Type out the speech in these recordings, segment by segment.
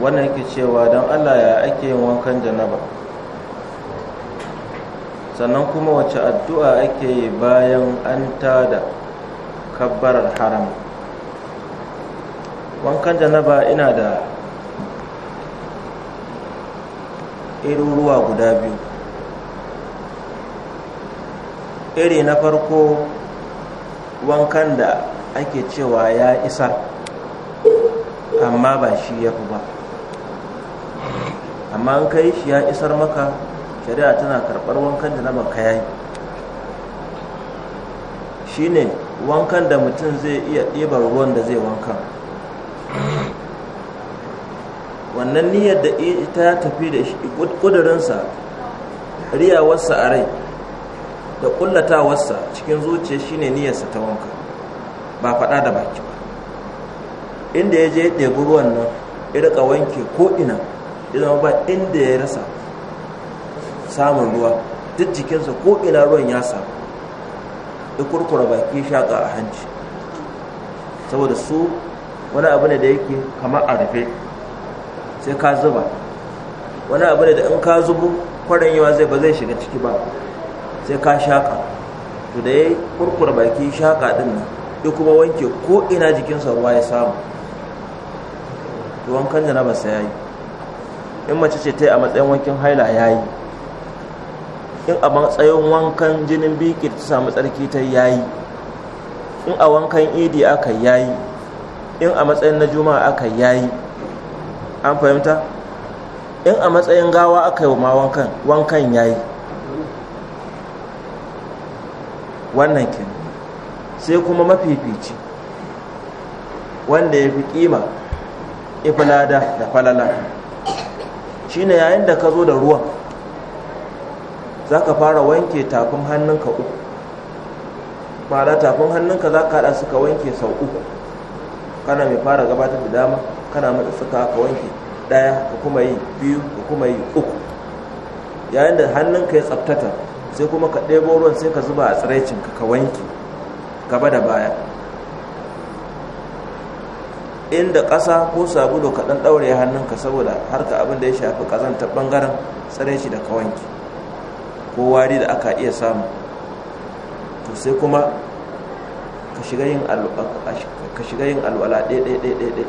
wannan yake cewa don allah ya ake yin wankan janaba sannan kuma wace addu'a ake yi bayan an tada kabbarar haram wankan janaba ina da ruwa guda biyu iri na farko wankan da ake cewa ya isar amma ba shi ya fi ba amma in kai shi ya isar maka shari'a tana karɓar wankan da na baka yayi shine wankan da mutum zai iya ɗibar ruwan da zai wankan wannan niyyar da ita ya tafi da ƙudurinsa riyawarsa a rai da ƙullatawarsa cikin zuciya shine niyyarsa ta wanka ba faɗa da baki ba inda ya je ɗebi ruwan nan ya wanke ko'ina idan zama ba inda ya rasa samun ruwa duk jikinsa ko ina ruwan ya samu ya kurkura baki shaƙa a hanci saboda su wani abu ne da yake kamar a rufe sai ka zuba wani abu ne da in ka zubo kwarin yawa zai ba zai shiga ciki ba sai ka shaƙa to da ya kurkura baki shaƙa din nan ya kuma wanke ko ina jikinsa ruwa ya samu to wankan ba sai ya yi in mace ce ta yi a matsayin wankin haila ya yi in a matsayin wankan jinin biki ta samu tsarki ta ya yi in a wankan idi aka ya yi in a matsayin na juma aka ya yi an fahimta in a matsayin gawa aka yi ma wankan wankan ya yi wannan kin sai kuma mafifici wanda ya fi kima ifilada da falala shine yayin da ka zo da ruwan za ka fara wanke tafin hannunka uku ma'ana tafin hannunka za ka haɗa suka wanke sau uku kana mai fara gabatar da dama kana matsa suka ka wanke ɗaya ka kuma yi biyu ka kuma yi uku yayin da hannunka ya tsaftata sai kuma ka ɗebo ruwan sai ka zuba a tsiraicinka ka wanke gaba da baya inda ƙasa ko sabulu ka ɗan ɗaure hannunka saboda harka abin da ya shafi ta ɓangaren tsare shi da kawanki ko wari da aka iya samu to sai kuma ka shiga yin alwala ɗaiɗaiɗaiɗaiɗai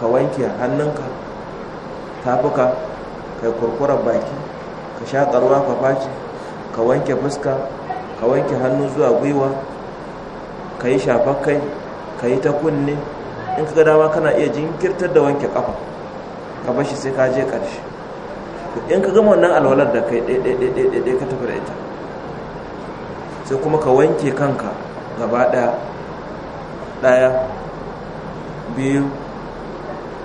ka wanke hannunka tafuka kai kurkurar baki ka sha ƙarwa ka faci ka wanke fuska ka wanke hannu zuwa gwiwa ka yi shafakai ka yi ta kunne in ka ga dama kana iya jinkirtar da wanke kafa ka bashi sai ka je ƙarshe in ka gama wannan alwalar da kai ɗaiɗaiɗaiɗaiɗai ka tafi da ita sai kuma ka wanke kanka gaba ɗaya ɗaya biyu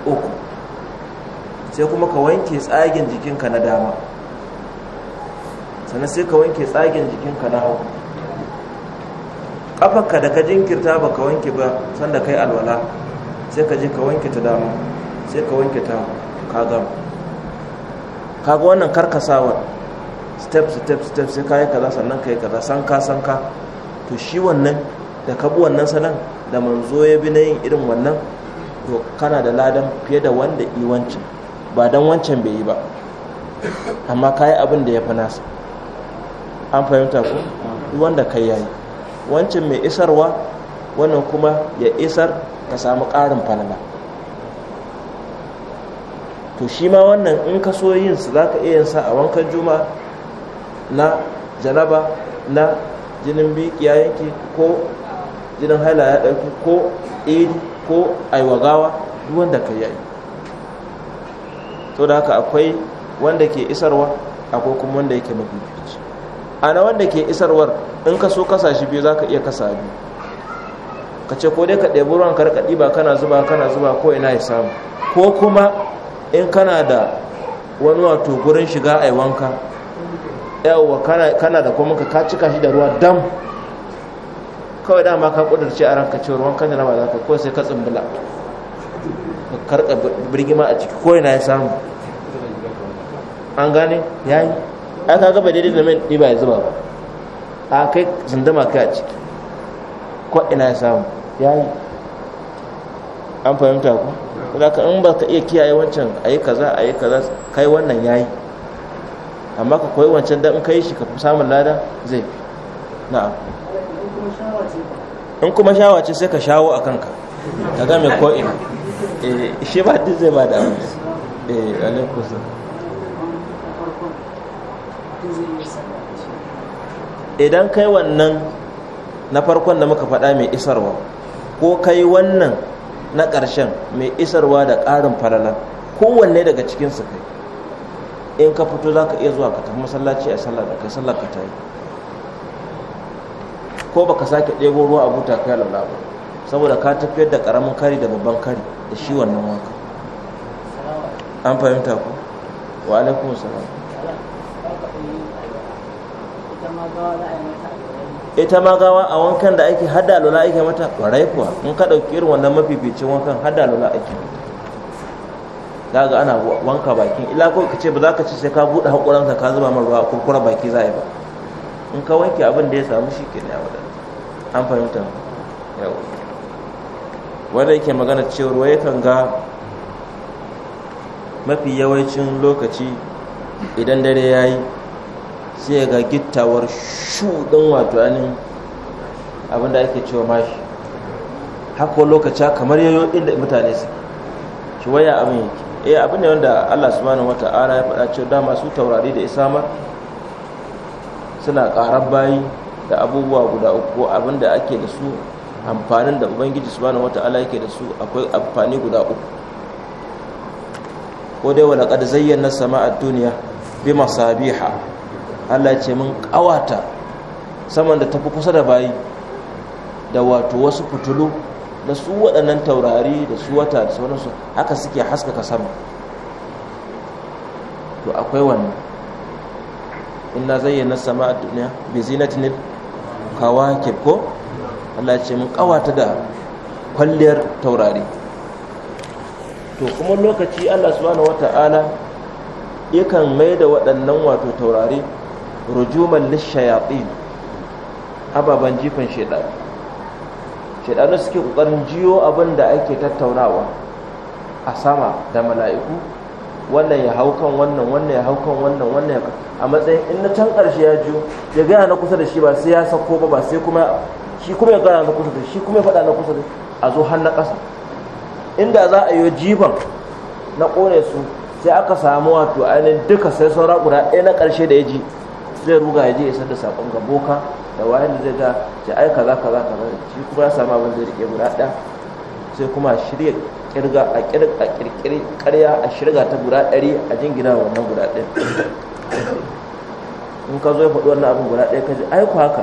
uku sai kuma ka wanke tsagen jikinka na dama sannan sai ka wanke tsagen jikinka na hau. kafarka da ka jinkirta ba ka wanke ba sanda kai alwala sai ka je ka wanke ta dama sai ka wanke ta ka gama kaga wannan karkasawar step step step sai ka yi kaza sannan ka yi kaza sanka sanka to shi wannan da ka bi wannan sanan da manzo ya bi na yin irin wannan to kana da ladan fiye da wanda yi wancan ba dan wancan bai yi ba amma ka yi abin da ya fi nasa an fahimta ko wanda kai yayi wancan mai isarwa wannan kuma ya isar ka samu ƙarin falala to shi ma wannan in ka so yin su za ka iya sa a wankan juma na janaba na jinin bikiya yanki ko jinin haila ya ɗauki ko iri ko aiwagawa duk wanda ka yi to da haka akwai wanda ke isarwa akwai kuma wanda yake mabibici a wanda ke isarwar in ka so kasa shi biyu za ka iya kasa biyu ka ce ko dai ka ɗaya ruwan ka rika ɗiba kana zuba kana zuba ko ina ya samu ko kuma in kana da wani wato gurin shiga a wanka yawwa kana da kuma ka cika shi da ruwa dam kawai dama ka kudurce a ranka cewa ruwan kan ba za ka ko sai ka tsumbula ka karka birgima a ciki ko ina ya samu an gane yi. a kaga ba daidai da mai ɗiba ya zuba ba a kai zindama kai a ciki ko ina ya samu ya yi an fahimta ku Da ka in ba ka iya kiyaye wancan a yi kaza a yi kaza kai wannan ya yi amma ka koyi wancan don in ka yi shi ka fi samun lada zai fi na'am in kuma shawa ce sai ka shawo a kanka ka ga mai ko'ina eh, shi ba duk zai ba da amince eh alaikusa idan kai wannan na farkon da muka faɗa mai isarwa ko kai wannan na ƙarshen mai isarwa da ƙarin falala kowanne daga cikinsu kai in ka fito za ka iya zuwa ka tafi masallaci a sallar da kai sallar ka ta yi ko baka sake ɗebo ruwa a buta kai lalla ba saboda ka tafiyar da ƙaramin kari da babban kari da shi wannan waka an fahimta ku wa alaikum salam ita ma gawa a wankan da ake hada lula ake mata kwarai kuwa in ka ɗauki irin wannan mafificin wankan hada lula ake za ga ana wanka bakin ila ko ka ce ba za ka ce sai ka buɗe haƙuransa ka zuba mar ruwa kurkura baki za a yi ba in ka wanke abin da ya samu shi ke ne a an fahimta yau wanda yake magana cewa ruwa yakan ga mafi yawancin lokaci idan dare ya yi sai ga gittawar shudin wato ainihin abin da ake cewa mashi haka lokaci kamar yayo inda mutane su shi waya abin yake eh abin ne wanda Allah subhanahu wata'ala ya faɗa cewa dama su taurari da isamar suna ƙarar bayi da abubuwa guda uku abin da ake da su amfanin da ubangiji subhanahu wata'ala yake da su akwai amfani guda uku ko dai wala qad zayyana sama'a dunya bi masabiha Allah ce mun kawata saman da tafi kusa da bayi da wato wasu fitulu da su waɗannan taurari da su wata da sauransu haka suke haskaka sama to akwai wannan inna zayyana sama'a dunya duniya bi zinatin kawakib ko Allah ce mun kawata da kwalliyar taurari to kuma lokaci Allah subhanahu wata'ala yakan mai da waɗannan wato taurari rujuman lishayatin ababen jifan shaidanu shaidanu suke ƙoƙarin jiyo abin da ake tattaunawa a sama da mala'iku wannan ya hau kan wannan wannan ya haukan wannan wannan ya a matsayin in na can ƙarshe ya jiyo ya gaya na kusa da shi ba sai ya sako ba ba sai kuma shi kuma ya gaya na kusa da shi kuma ya faɗa na kusa da a zo har na ƙasa inda za a yi jifan na ƙone su sai aka samu wato ainihin duka sai saura guda ɗaya na ƙarshe da ya ji zai ruga ya je ya sanda sakon ga boka da wayan da zai ga ce ai kaza kaza kaza shi kuma ya samu abin zai rike guda ɗaya sai kuma shirya kirga a kirga a kirkiri ƙarya a shirga ta guda ɗari a jingina wannan guda ɗaya in ka zo ya faɗi wannan abin guda ɗaya ka ji ai ku haka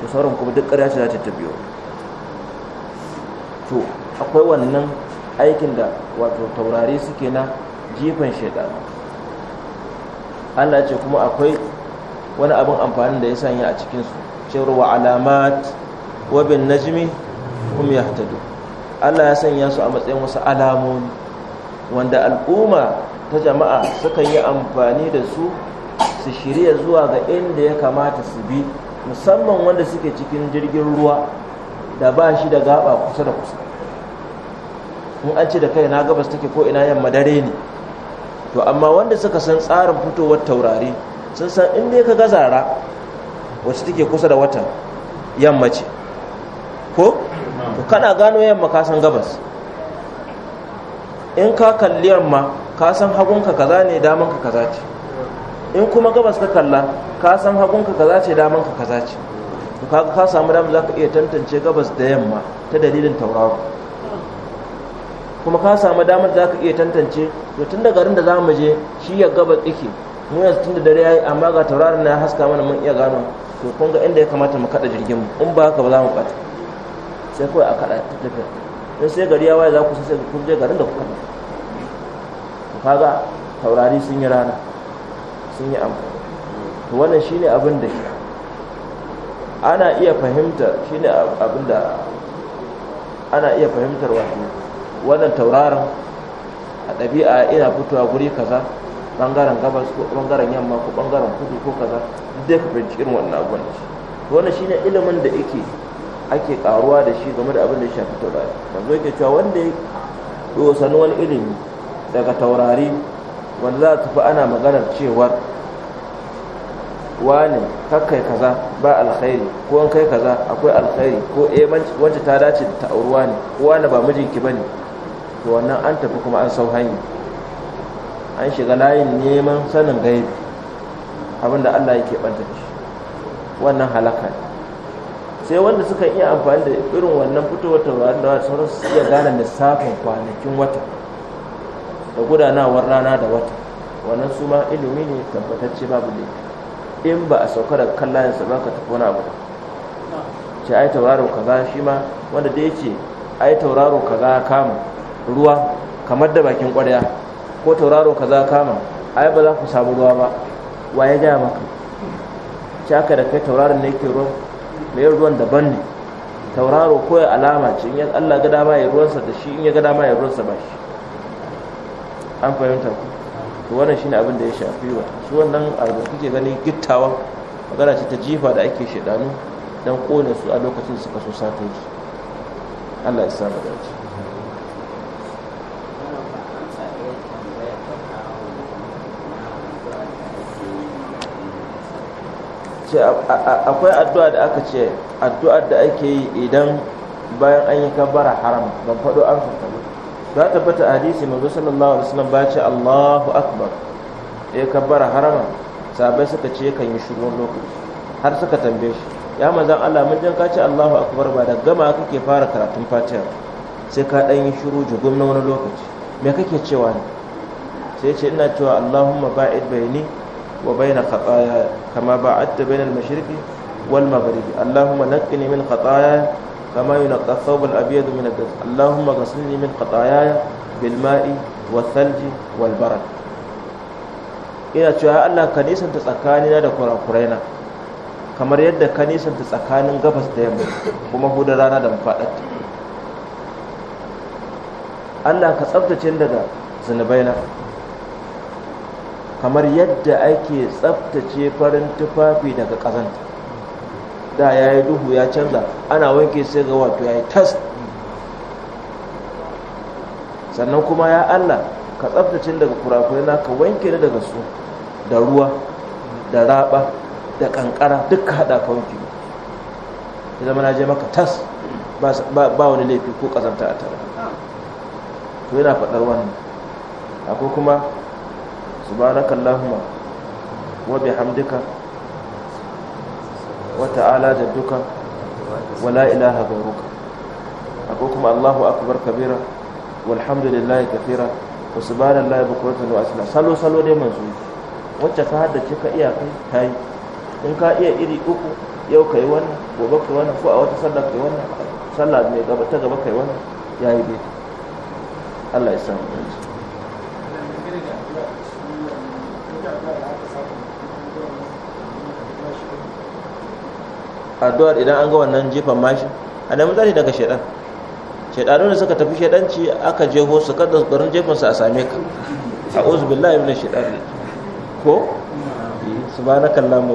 to sauran kuma duk karya ce za ta biyo to akwai wannan aikin da wato taurari suke na jifan shaidan Allah ce kuma akwai wani abin amfani da ya sanya a cikinsu cewar wa alamat wa bin najmi ya hatadu Allah ya sanya su a matsayin wasu alamomi wanda al'umma ta jama'a sukan yi amfani da su su shirya zuwa ga inda ya kamata su bi musamman wanda suke cikin jirgin ruwa da ba shi da gaba kusa da kusa in an ce da kai na gabas take ko ina yamma dare ne to amma wanda suka san tsarin fitowar taurari sun san in dai ka zara wacce take kusa da watan yamma ce ko to kana gano yamma ka san gabas in ka kalli yamma ka san hagunka kaza ne damanka kaza ce in kuma gabas ka kalla ka san hagunka kaza ce damanka kaza ce to kaga ka samu damar zaka iya tantance gabas da yamma ta dalilin tauraro kuma ka samu damar zaka iya tantance to tun da garin da za je shi ya gabas yake mu yanzu tun da dare yayi amma ga tauraron na haska mana mun iya gano to kun ga inda ya kamata mu kada jirgin mu in ba haka ba za mu bata sai kawai a kada ta tafiya in sai gari ya waye za ku sai ku je garin da kuka kada ku kaga taurari sun yi rana sun yi amfani to wannan shine abin da ana iya fahimtar shine abin da ana iya fahimtar wato wannan tauraron a ɗabi'a ina fitowa guri kaza bangaren gabas ko bangaren yamma ko bangaren kudu ko kaza duk ka fahimci irin wannan abun da wannan shine ilimin da yake ake karuwa da shi game da abin da ya shafi taurari yanzu yake cewa wanda ya dosan wani ilimi daga taurari wanda za tafi ana maganar cewar wani kakkai kaza ba alkhairi ko an kai kaza akwai alkhairi ko eh wacce ta dace da ta ne wani wani ba mijinki bane to wannan an tafi kuma an sau hanya an shiga layin neman sanin gaibi abinda Allah yake ɓanta da shi wannan halaka ne sai wanda suka iya amfani da irin wannan fitowar taurari da wasu su iya gane lissafin kwanakin wata da gudanawar rana da wata wannan su ma ilimi ne tabbatacce babu ne in ba a sauka da kan sa ba ka tafi wani abu ce ai tauraro kaza shi ma wanda da ce ai tauraro kaza kama ruwa kamar da bakin ƙwarya ko tauraro za kama ai ba za ku samu ruwa ba wa ya gaya maka shaka da kai tauraron ne ke ruwan mai ruwan daban ne tauraro ko alama ce in ya Allah gada ma ya ruwansa da shi in ya gada ma ya ruwansa ba shi an fahimta ku to wannan shine abin da ya shafi wa su wannan abin kuke gani gittawa magana ce ta jifa da ake shaidanu dan kone su a lokacin suka so sato Allah ya samu dace ce akwai addu'a da aka ce addu'ar da ake yi idan bayan an yi kabbara haram ban faɗo an fata ba za ta fata hadisi manzo sallallahu alaihi wasallam ba ce Allahu akbar ya kabbara harama sabai suka ce kan yi shigon lokaci har suka tambaye shi ya manzon Allah mun jan ka ce Allahu akbar ba da gama kake fara karatun Fatiha sai ka dan yi shiru jugum na wani lokaci me kake cewa ne sai ce ina cewa Allahumma ba'id baini وبين خطاياي كما بعدت بين المشرق والمغرب اللهم نقني من خطاياي كما ينقى الثوب الأبيض من الدنس اللهم غسلني من خطاياي بالماء والثلج والبرد ina cewa Allah ka nisanta tsakanina da kurakuraina kamar yadda ka nisanta tsakanin gabas da yamma kuma hudar rana da mafaɗarta Allah ka tsabtace daga zunubaina kamar yadda ake tsaftace farin tufafi daga ƙazanta da ya yi duhu ya canza ana wanke sai ga wato ya yi tas sannan kuma ya allah ka tsaftace daga kurakurai na ka wanke ni daga su da ruwa da raba da kankara duka hada ka wanke ya zama na je maka tas ba wani laifi ko ƙazanta a tare to yana faɗar wannan akwai kuma subhanakallahumma wa bihamdika wa ta'ala jadduka wa la ilaha gauruka. akwai kuma Allahu akbar kabira walhamdulillahi kathira wa subhanallahi bukratan wa asila salo salo ne dai manzo wacce ka haddace ka iya kai Ta yi. in ka iya iri uku yau ka yi wannan gobe ka yi wannan ko a wata ka yi wannan sallar mai gaba ka yi kai ya yi dai Allah ya samu dace addu'ar idan an ga wannan jifan mashi a nemi tsari daga shaidan shaidanu da suka tafi shaidanci aka jeho su kada barin su a same ka a uzu billahi min shaidan ko subhanakallahumma